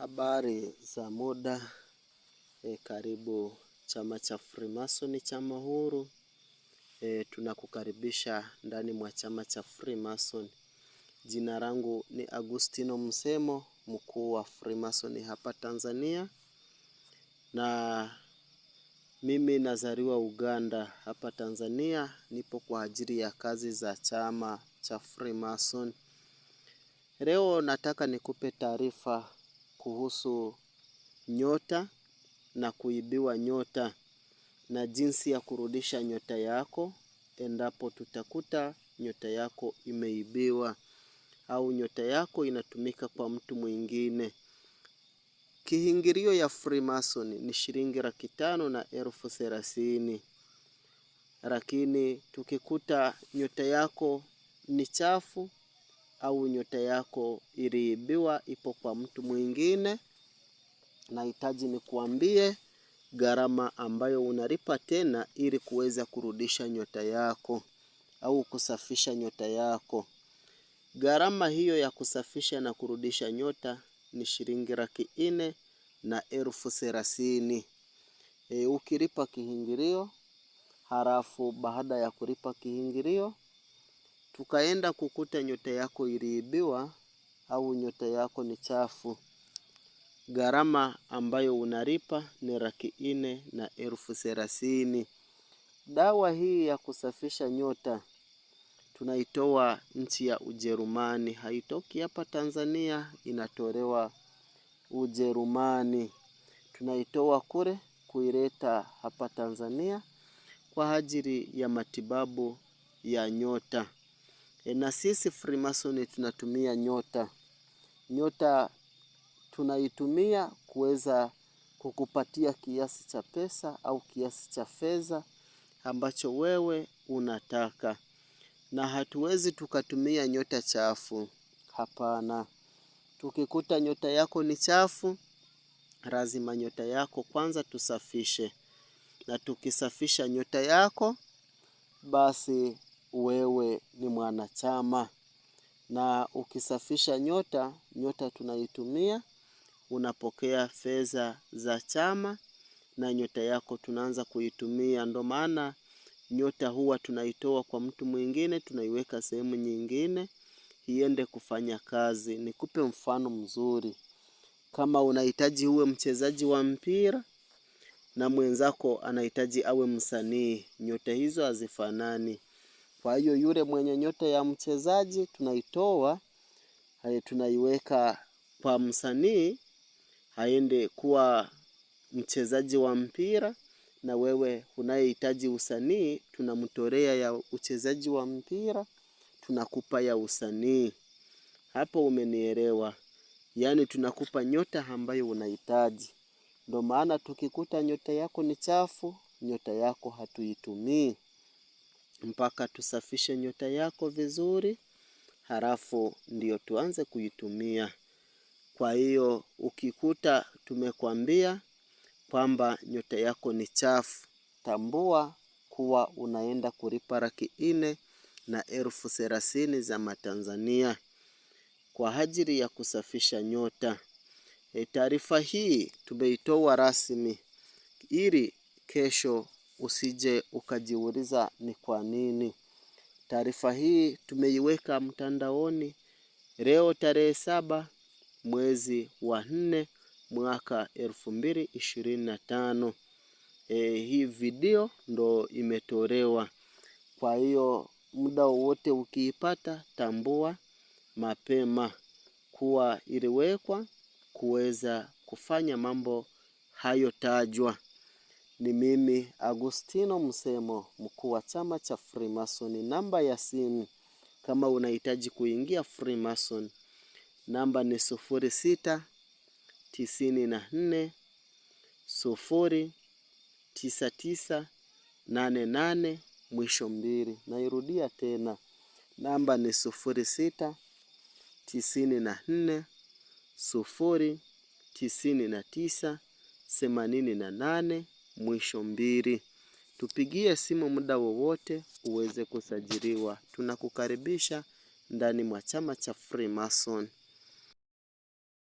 Habari za muda e, karibu chama cha Freemason, chama huru e, tunakukaribisha ndani mwa chama cha Freemason. Jina langu ni Agustino Msemo, mkuu wa Freemason hapa Tanzania, na mimi nazaliwa Uganda. Hapa Tanzania nipo kwa ajili ya kazi za chama cha Freemason. Leo nataka nikupe taarifa kuhusu nyota na kuibiwa nyota na jinsi ya kurudisha nyota yako endapo tutakuta nyota yako imeibiwa au nyota yako inatumika kwa mtu mwingine. Kihingilio ya Freemason ni shilingi laki tano na elfu thelathini, lakini tukikuta nyota yako ni chafu au nyota yako iliibiwa, ipo kwa mtu mwingine, nahitaji nikuambie gharama ambayo unalipa tena ili kuweza kurudisha nyota yako au kusafisha nyota yako. Gharama hiyo ya kusafisha na kurudisha nyota ni shilingi laki nne na elfu thelathini. E, ukilipa kihingilio halafu baada ya kulipa kihingilio ukaenda kukuta nyota yako iliibiwa au nyota yako ni chafu, gharama ambayo unalipa ni laki nne na elfu thelathini. Dawa hii ya kusafisha nyota tunaitoa nchi ya Ujerumani, haitoki hapa Tanzania, inatolewa Ujerumani. Tunaitoa kule kuileta hapa Tanzania kwa ajili ya matibabu ya nyota. E, na sisi Freemason tunatumia nyota. Nyota tunaitumia kuweza kukupatia kiasi cha pesa au kiasi cha fedha ambacho wewe unataka, na hatuwezi tukatumia nyota chafu. Hapana, tukikuta nyota yako ni chafu, lazima nyota yako kwanza tusafishe, na tukisafisha nyota yako basi wewe ni mwanachama. Na ukisafisha nyota, nyota tunaitumia, unapokea fedha za chama na nyota yako tunaanza kuitumia. Ndo maana nyota huwa tunaitoa kwa mtu mwingine, tunaiweka sehemu nyingine iende kufanya kazi. Nikupe mfano mzuri, kama unahitaji uwe mchezaji wa mpira na mwenzako anahitaji awe msanii, nyota hizo hazifanani. Kwa hiyo yule mwenye nyota ya mchezaji tunaitoa, tunaiweka kwa msanii aende kuwa mchezaji wa mpira, na wewe unayehitaji usanii tunamtorea ya uchezaji wa mpira, tunakupa ya usanii. Hapo umenielewa? Yaani tunakupa nyota ambayo unahitaji. Ndio maana tukikuta nyota yako ni chafu, nyota yako hatuitumii mpaka tusafishe nyota yako vizuri, halafu ndio tuanze kuitumia. Kwa hiyo ukikuta tumekwambia kwamba nyota yako ni chafu, tambua kuwa unaenda kulipa laki nne na elfu thelathini za Matanzania kwa ajili ya kusafisha nyota. E, taarifa hii tumeitoa rasmi ili kesho usije ukajiuliza ni kwa nini. Taarifa hii tumeiweka mtandaoni leo tarehe saba mwezi wa nne mwaka elfu mbili ishirini na tano. E, hii video ndo imetolewa. Kwa hiyo muda wowote ukiipata, tambua mapema kuwa iliwekwa kuweza kufanya mambo hayo tajwa. Ni mimi Agustino Msemo, mkuu wa chama cha Freemason. Namba ya simu kama unahitaji kuingia Freemason, namba ni sufuri sita tisini na nne sufuri tisa tisa nane nane mwisho mbili. Nairudia tena, namba ni sufuri sita tisini na nne sufuri tisini na tisa themanini na nane mwisho mbili. Tupigie simu muda wowote uweze kusajiliwa. Tunakukaribisha ndani mwa chama cha Freemason.